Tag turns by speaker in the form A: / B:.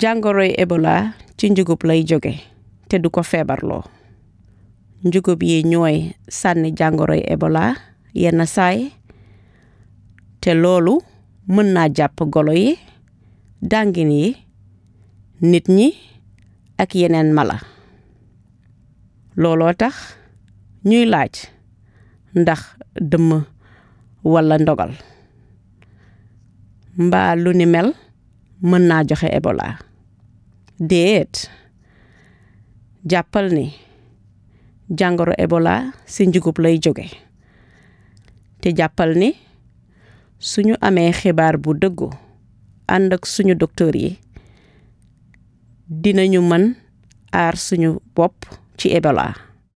A: jàngoroy Ebola ci njugub lay joge te du ko feebarloo njugub yi ñooy sànni jàngoroy Ebola yenn saay te loolu mën naa jàpp golo yi dàngin yi nit ñi ak yeneen mala looloo tax ñuy laaj ndax dëmm walla ndogal mbaa lu ni mel mën naa joxe Ebola déet jàppal ni jàngoro Ebola si njugub lay joge te jàppal ni suñu amee xibaar bu dëggu ànd ak suñu docteur yi dinañu mën aar suñu bopp ci Ebola